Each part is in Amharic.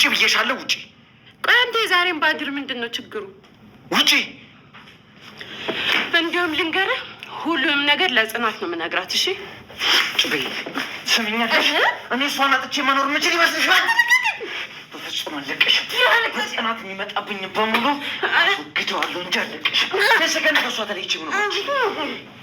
ውጪ ብዬሻለሁ። ውጪ። ቆይ አንተ የዛሬን ባድር ምንድን ነው ችግሩ? ውጪ። እንዲሁም ልንገርህ፣ ሁሉንም ነገር ለጽናት ነው የምነግራት። እሺ ጭበይ ትሰሚኛለሽ? እኔ እሷን አጥቼ መኖር ምችል ይመስልሻል? በፍጹም አለቀሽም። ጽናት የሚመጣብኝ በሙሉ ግደዋለሁ እንጂ አለቀሽም። ለሰከንድ ከእሷ ተለይቼ ምኖር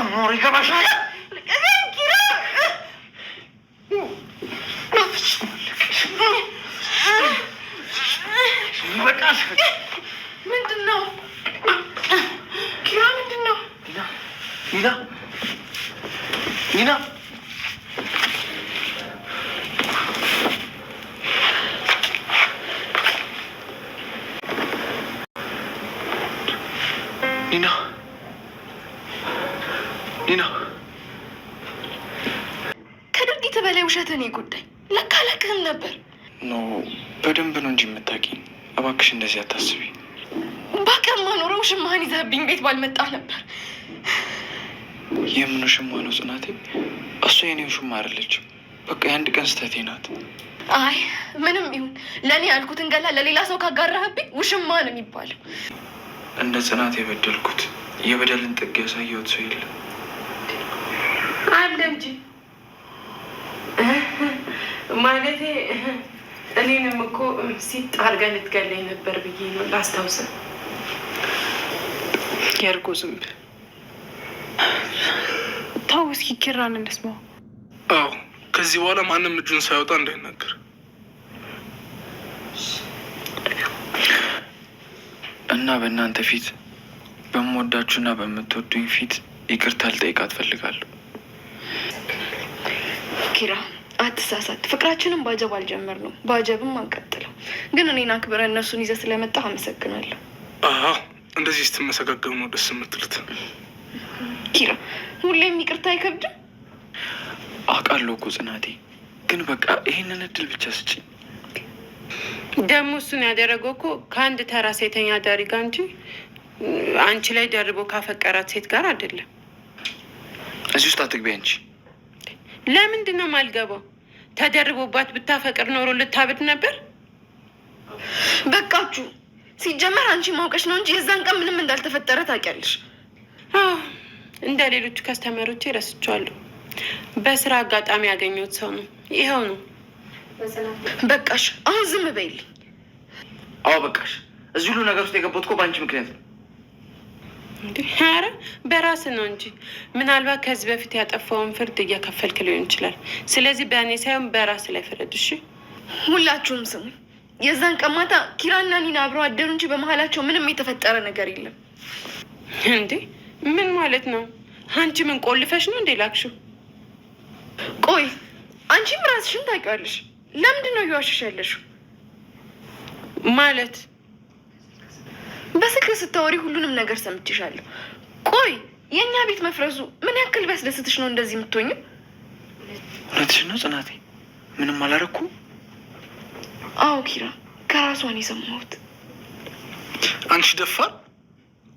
የምኖር ይገባሻል? ራስ ምንድን ነው? ኪራ ምንድን ነው? ኒና ኒና ኒና ኒና ከድርጊት በላይ ውሸትን ጉዳይ ለካ ለክህም ነበር። ኖ በደንብ ነው እንጂ የምታውቂኝ እባክሽ እንደዚህ አታስቢ። ባከማ ኖረው ሽማህን ይዘህብኝ ቤት ባልመጣ ነበር። የምኑ ሽማ ነው ጽናቴ? እሱ የኔው ውሽማ አይደለችም። በቃ የአንድ ቀን ስህተቴ ናት። አይ ምንም ይሁን ለእኔ ያልኩትን ገላ ለሌላ ሰው ካጋራህብኝ ውሽማ ነው የሚባለው። እንደ ጽናት የበደልኩት የበደልን ጥግ ያሳየሁት ሰው የለም አለ እንጂ ማለቴ እኔንም እኮ ሲጥ ልትገለኝ ነበር ብዬ ነው ላስታውስ። የእርጎ ዝንብ ተው፣ እስኪ ኪራን እንስማው። አዎ፣ ከዚህ በኋላ ማንም እጁን ሳይወጣ እንዳይናገር። እና በእናንተ ፊት በምወዳችሁና በምትወዱኝ ፊት ይቅርታ ልጠይቃት እፈልጋለሁ ኪራ አትሳሳት። ፍቅራችንም ባጀብ አልጀመር ነው ባጀብም አንቀጥለው። ግን እኔን አክብረ እነሱን ይዘ ስለመጣ አመሰግናለሁ። እንደዚህ ስትመሰጋገሙ ነው ደስ የምትሉት። ኪራ ሁሌም ይቅርታ አይከብድም አውቃለሁ እኮ ጽናቴ፣ ግን በቃ ይህንን እድል ብቻ ስጭኝ። ደግሞ እሱን ያደረገው እኮ ከአንድ ተራ ሴተኛ አዳሪ ጋር እንጂ አንቺ ላይ ደርቦ ካፈቀራት ሴት ጋር አይደለም። እዚህ ውስጥ አትግቢ አንቺ ለምንድን ነው የማልገባው? ተደርቦባት ብታፈቅር ኖሮ ልታብድ ነበር። በቃችሁ። ሲጀመር አንቺ ማውቀሽ ነው እንጂ የዛን ቀን ምንም እንዳልተፈጠረ ታውቂያለሽ። እንደ ሌሎቹ ከስተመሮች ረስቼዋለሁ። በስራ አጋጣሚ ያገኘሁት ሰው ነው። ይኸው ነው። በቃሽ፣ አሁን ዝም በይልኝ። አዎ በቃሽ። እዚህ ሁሉ ነገር ውስጥ የገባሁት እኮ በአንቺ ምክንያት ነው። ኧረ በራስ ነው እንጂ ምናልባት ከዚህ በፊት ያጠፋውን ፍርድ እያከፈልክ ሊሆን ይችላል። ስለዚህ በእኔ ሳይሆን በራስ ላይ ፍረድ። እሺ ሁላችሁም ስሙ። የዛን ቀን ማታ ኪራና ኒና አብረው አደሩ እንጂ በመሀላቸው ምንም የተፈጠረ ነገር የለም። እንዴ ምን ማለት ነው? አንቺ ምን ቆልፈሽ ነው እንዴ ላክሽው? ቆይ አንቺም ራስሽን ታውቂዋለሽ። ለምንድን ነው እየዋሸሽ ያለሽው ማለት በስልክ ስታወሪ ሁሉንም ነገር ሰምቼሻለሁ። ቆይ የእኛ ቤት መፍረሱ ምን ያክል ቢያስደስትሽ ነው እንደዚህ የምትሆኝም? እውነትሽ ነው ጽናቴ፣ ምንም አላረኩ? አዎ ኪራ፣ ከራሷን የሰማሁት አንቺ ደፋር።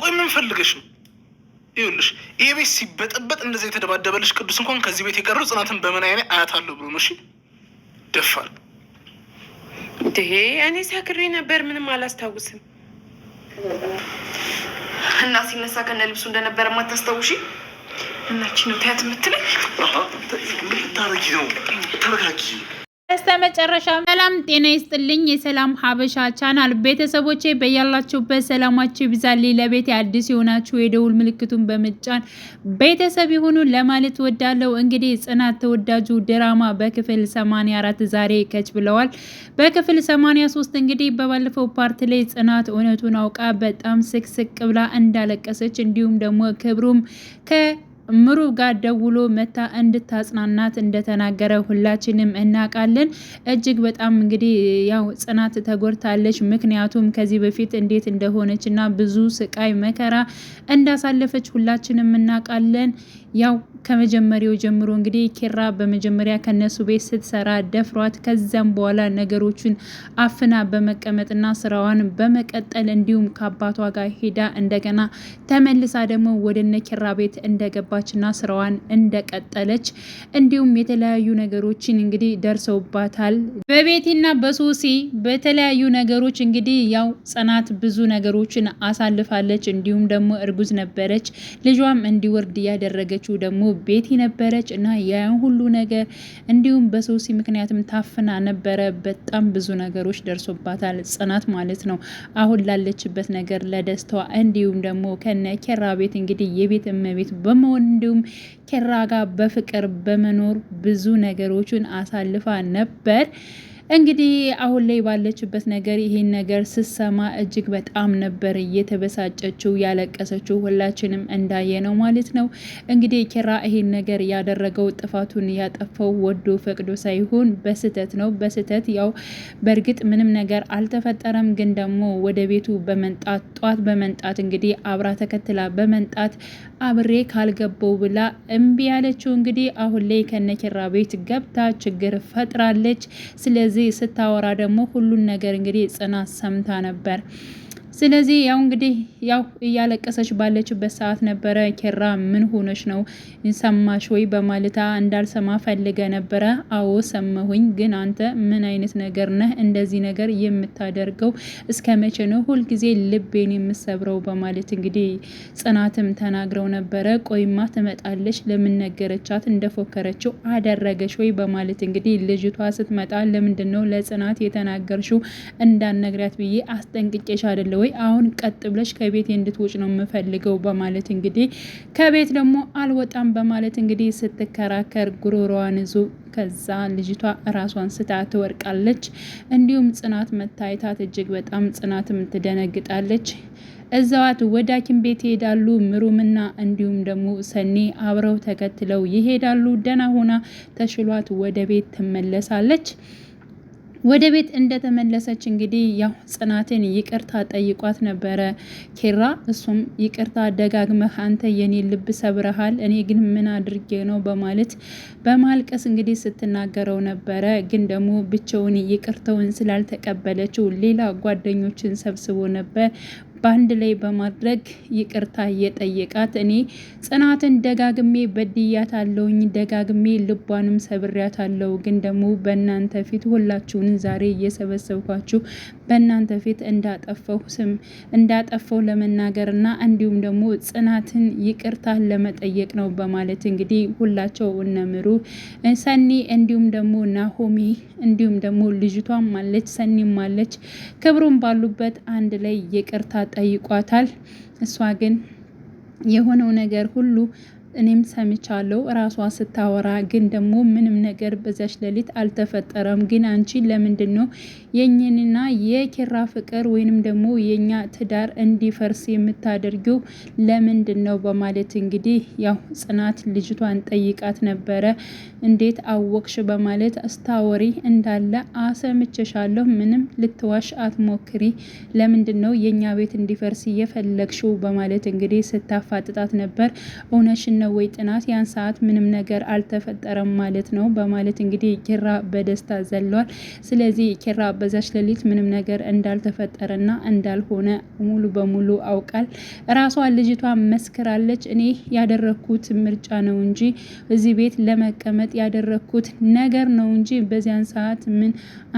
ቆይ ምን ፈልገሽ ነው? ይኸውልሽ ይህ ቤት ሲበጠበጥ እንደዚ የተደባደበልሽ ቅዱስ እንኳን ከዚህ ቤት የቀረው ጽናትን በምን አይነት አያታለሁ ብሎ ነው። እሺ ደፋር። እኔ ሳክሬ ነበር፣ ምንም አላስታውስም። እና ሲነሳ ከነ ልብሱ እንደነበረ ማታስታውሺ? እናቺ ነው ታያት የምትለኝ። ምን ታረጊ ነው? ተረጋጊ በስተ መጨረሻ ሰላም ጤና ይስጥልኝ። የሰላም ሀበሻ ቻናል ቤተሰቦቼ በያላችሁበት ሰላማችሁ ይብዛል። ለቤት አዲስ የሆናችሁ የደውል ምልክቱን በመጫን ቤተሰብ ይሁኑ ለማለት ወዳለው እንግዲህ ጽናት ተወዳጁ ድራማ በክፍል 84 ዛሬ ከች ብለዋል። በክፍል 83 እንግዲህ በባለፈው ፓርት ላይ ጽናት እውነቱን አውቃ በጣም ስቅስቅ ብላ እንዳለቀሰች እንዲሁም ደግሞ ክብሩም ከ ምሩ ጋር ደውሎ መታ እንድታጽናናት እንደተናገረ ሁላችንም እናውቃለን። እጅግ በጣም እንግዲህ ያው ጽናት ተጎድታለች። ምክንያቱም ከዚህ በፊት እንዴት እንደሆነች እና ብዙ ስቃይ መከራ እንዳሳለፈች ሁላችንም እናውቃለን። ያው ከመጀመሪያው ጀምሮ እንግዲህ ኪራ በመጀመሪያ ከነሱ ቤት ስትሰራ ደፍሯት ከዚም በኋላ ነገሮችን አፍና በመቀመጥና ስራዋን በመቀጠል እንዲሁም ከአባቷ ጋር ሄዳ እንደገና ተመልሳ ደግሞ ወደነ ኪራ ቤት እንደገባችና ስራዋን እንደቀጠለች እንዲሁም የተለያዩ ነገሮችን እንግዲህ ደርሰውባታል። በቤቲና በሶሲ በተለያዩ ነገሮች እንግዲህ ያው ጽናት ብዙ ነገሮችን አሳልፋለች። እንዲሁም ደግሞ እርጉዝ ነበረች። ልጇም እንዲወርድ እያደረገች ያለችው ደግሞ ቤቲ ነበረች እና ያን ሁሉ ነገር እንዲሁም በሶሲ ምክንያትም ታፍና ነበረ። በጣም ብዙ ነገሮች ደርሶባታል ጽናት ማለት ነው። አሁን ላለችበት ነገር ለደስታዋ፣ እንዲሁም ደግሞ ከነ ኬራ ቤት እንግዲህ የቤት እመቤት በመሆን እንዲሁም ኬራ ጋር በፍቅር በመኖር ብዙ ነገሮችን አሳልፋ ነበር። እንግዲህ አሁን ላይ ባለችበት ነገር ይሄን ነገር ስትሰማ እጅግ በጣም ነበር እየተበሳጨችው ያለቀሰችው፣ ሁላችንም እንዳየነው ማለት ነው። እንግዲህ ኪራ ይሄን ነገር ያደረገው ጥፋቱን ያጠፋው ወዶ ፈቅዶ ሳይሆን በስህተት ነው። በስህተት ያው በእርግጥ ምንም ነገር አልተፈጠረም፣ ግን ደግሞ ወደ ቤቱ በመንጣት ጧት በመንጣት እንግዲህ አብራ ተከትላ በመንጣት አብሬ ካልገባው ብላ እምቢ ያለችው እንግዲህ አሁን ላይ ከነኪራ ቤት ገብታ ችግር ፈጥራለች። ስለዚህ ጊዜ ስታወራ ደግሞ ሁሉን ነገር እንግዲህ ጽናት ሰምታ ነበር። ስለዚህ ያው እንግዲህ ያው እያለቀሰች ባለችበት ሰዓት ነበረ ኬራ ምን ሆነች ነው ሰማሽ ወይ በማለታ እንዳልሰማ ፈልገ ነበረ። አዎ ሰማሁኝ፣ ግን አንተ ምን አይነት ነገር ነህ እንደዚህ ነገር የምታደርገው? እስከ መቼ ነው ሁልጊዜ ልቤን የምሰብረው? በማለት እንግዲህ ጽናትም ተናግረው ነበረ። ቆይማ ትመጣለች፣ ለምን ነገረቻት? እንደፎከረችው አደረገች ወይ በማለት እንግዲህ ልጅቷ ስትመጣ ለምንድን ነው ለጽናት የተናገርሽው? እንዳነግሪያት ብዬ አስጠንቅቄሽ አደለ ወይ አሁን ቀጥ ብለሽ ከቤት እንድትወጭ ነው የምፈልገው በማለት እንግዲህ ከቤት ደግሞ አልወጣም በማለት እንግዲህ ስትከራከር ጉሮሮዋን ይዞ ከዛ ልጅቷ ራሷን ስታ ትወርቃለች። እንዲሁም ጽናት መታየታት እጅግ በጣም ጽናትም ትደነግጣለች። እዛዋት ወደ ሐኪም ቤት ይሄዳሉ። ምሩምና እንዲሁም ደግሞ ሰኔ አብረው ተከትለው ይሄዳሉ። ደህና ሆና ተሽሏት ወደ ቤት ትመለሳለች። ወደ ቤት እንደተመለሰች እንግዲህ ያው ጽናትን ይቅርታ ጠይቋት ነበረ ኬራ። እሱም ይቅርታ ደጋግመህ አንተ የኔ ልብ ሰብረሃል፣ እኔ ግን ምን አድርጌ ነው በማለት በማልቀስ እንግዲህ ስትናገረው ነበረ። ግን ደግሞ ብቻውን ይቅርተውን ስላልተቀበለችው ሌላ ጓደኞችን ሰብስቦ ነበር በአንድ ላይ በማድረግ ይቅርታ የጠየቃት እኔ ጽናትን ደጋግሜ በድያት አለውኝ ደጋግሜ ልቧንም ሰብሪያት አለው። ግን ደግሞ በእናንተ ፊት ሁላችሁን ዛሬ እየሰበሰብኳችሁ በእናንተ ፊት እንዳጠፈው ስም እንዳጠፈው ለመናገርና እንዲሁም ደግሞ ጽናትን ይቅርታ ለመጠየቅ ነው በማለት እንግዲህ ሁላቸው እነምሩ ሰኒ እንዲሁም ደግሞ ናሆሚ እንዲሁም ደግሞ ልጅቷም አለች፣ ሰኒም አለች፣ ክብሩም ባሉበት አንድ ላይ ይቅርታ ጠይቋታል። እሷ ግን የሆነው ነገር ሁሉ እኔም ሰምቻለሁ ራሷ ስታወራ። ግን ደግሞ ምንም ነገር በዛች ሌሊት አልተፈጠረም። ግን አንቺ ለምንድን ነው የኝንና የኪራ ፍቅር ወይንም ደግሞ የኛ ትዳር እንዲፈርስ የምታደርጊው ለምንድን ነው? በማለት እንግዲህ ያው ጽናት ልጅቷን ጠይቃት ነበረ። እንዴት አወቅሽ? በማለት ስታወሪ እንዳለ አሰምቸሻለሁ። ምንም ልትዋሽ አትሞክሪ። ለምንድን ነው የእኛ ቤት እንዲፈርስ የፈለግሽው? በማለት እንግዲህ ስታፋጥጣት ነበር እውነሽን ነው ወይ ጽናት ያን ሰዓት ምንም ነገር አልተፈጠረም ማለት ነው በማለት እንግዲህ ኪራ በደስታ ዘሏል። ስለዚህ ኪራ በዛች ሌሊት ምንም ነገር እንዳልተፈጠረና እንዳልሆነ ሙሉ በሙሉ አውቃል። ራሷ ልጅቷ መስክራለች። እኔ ያደረግኩት ምርጫ ነው እንጂ እዚህ ቤት ለመቀመጥ ያደረግኩት ነገር ነው እንጂ በዚያን ሰዓት ምን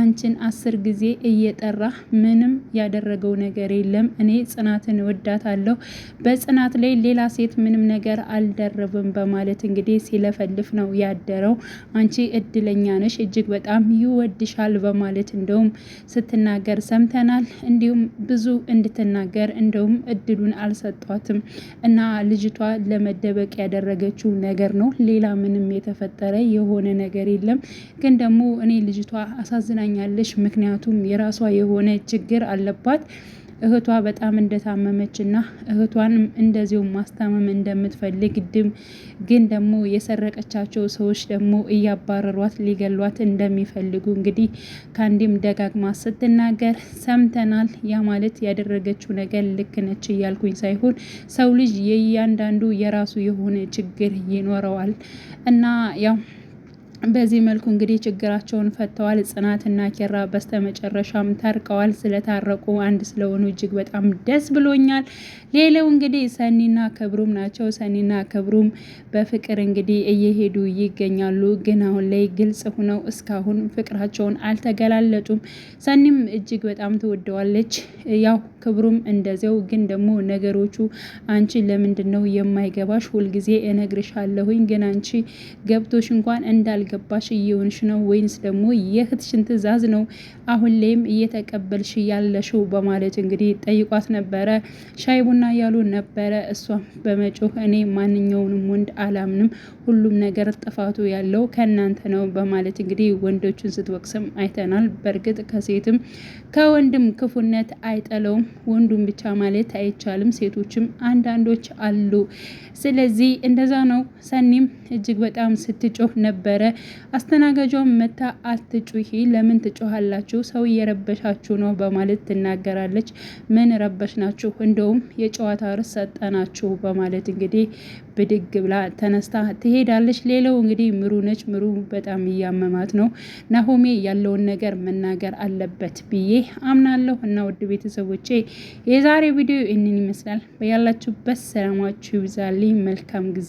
አንቺን አስር ጊዜ እየጠራ ምንም ያደረገው ነገር የለም። እኔ ጽናትን ወዳታለሁ። በጽናት ላይ ሌላ ሴት ምንም ነገር አልደረ አልቀረብም በማለት እንግዲህ ሲለፈልፍ ነው ያደረው። አንቺ እድለኛ ነሽ፣ እጅግ በጣም ይወድሻል በማለት እንደውም ስትናገር ሰምተናል። እንዲሁም ብዙ እንድትናገር እንደውም እድሉን አልሰጧትም እና ልጅቷ ለመደበቅ ያደረገችው ነገር ነው። ሌላ ምንም የተፈጠረ የሆነ ነገር የለም። ግን ደግሞ እኔ ልጅቷ አሳዝናኛለሽ፣ ምክንያቱም የራሷ የሆነ ችግር አለባት እህቷ በጣም እንደታመመች እና እህቷን እንደዚሁ ማስታመም እንደምትፈልግ ድም ግን ደግሞ የሰረቀቻቸው ሰዎች ደግሞ እያባረሯት ሊገሏት እንደሚፈልጉ እንግዲህ ከአንዲም ደጋግማ ስትናገር ሰምተናል። ያ ማለት ያደረገችው ነገር ልክ ነች እያልኩኝ ሳይሆን ሰው ልጅ የእያንዳንዱ የራሱ የሆነ ችግር ይኖረዋል እና ያው በዚህ መልኩ እንግዲህ ችግራቸውን ፈተዋል። ጽናትና ኬራ በስተመጨረሻም ታርቀዋል። ስለታረቁ አንድ ስለሆኑ እጅግ በጣም ደስ ብሎኛል። ሌላው እንግዲህ ሰኒና ክብሩም ናቸው። ሰኒና ክብሩም በፍቅር እንግዲህ እየሄዱ ይገኛሉ። ግን አሁን ላይ ግልጽ ሆነው እስካሁን ፍቅራቸውን አልተገላለጡም። ሰኒም እጅግ በጣም ትወደዋለች፣ ያው ክብሩም እንደዚያው። ግን ደግሞ ነገሮቹ አንቺ ለምንድን ነው የማይገባሽ? ሁልጊዜ እነግርሻለሁኝ ግን አንቺ ገብቶሽ እንኳን እንዳል እያገባሽ እየሆንሽ ነው ወይንስ ደግሞ የእህትሽን ትዕዛዝ ነው አሁን ላይም እየተቀበልሽ ያለሽው በማለት እንግዲህ ጠይቋት ነበረ። ሻይ ቡና ያሉ ነበረ። እሷም በመጮህ እኔ ማንኛውንም ወንድ አላምንም፣ ሁሉም ነገር ጥፋቱ ያለው ከእናንተ ነው በማለት እንግዲህ ወንዶችን ስትወቅስም አይተናል። በእርግጥ ከሴትም ከወንድም ክፉነት አይጠለውም። ወንዱም ብቻ ማለት አይቻልም። ሴቶችም አንዳንዶች አሉ። ስለዚህ እንደዛ ነው። ሰኒም እጅግ በጣም ስትጮህ ነበረ። አስተናጋጇን መታ አትጩሂ፣ ለምን ትጮሃላችሁ? ሰው እየረበሻችሁ ነው በማለት ትናገራለች። ምን ረበሽ ናችሁ? እንደውም የጨዋታ ርስ ሰጠናችሁ በማለት እንግዲህ ብድግ ብላ ተነስታ ትሄዳለች። ሌላው እንግዲህ ምሩ ነች። ምሩ በጣም እያመማት ነው። ናሆሜ ያለውን ነገር መናገር አለበት ብዬ አምናለሁ። እና ውድ ቤተሰቦቼ የዛሬ ቪዲዮ ይህንን ይመስላል። በያላችሁበት ሰላማችሁ ይብዛልኝ። መልካም ጊዜ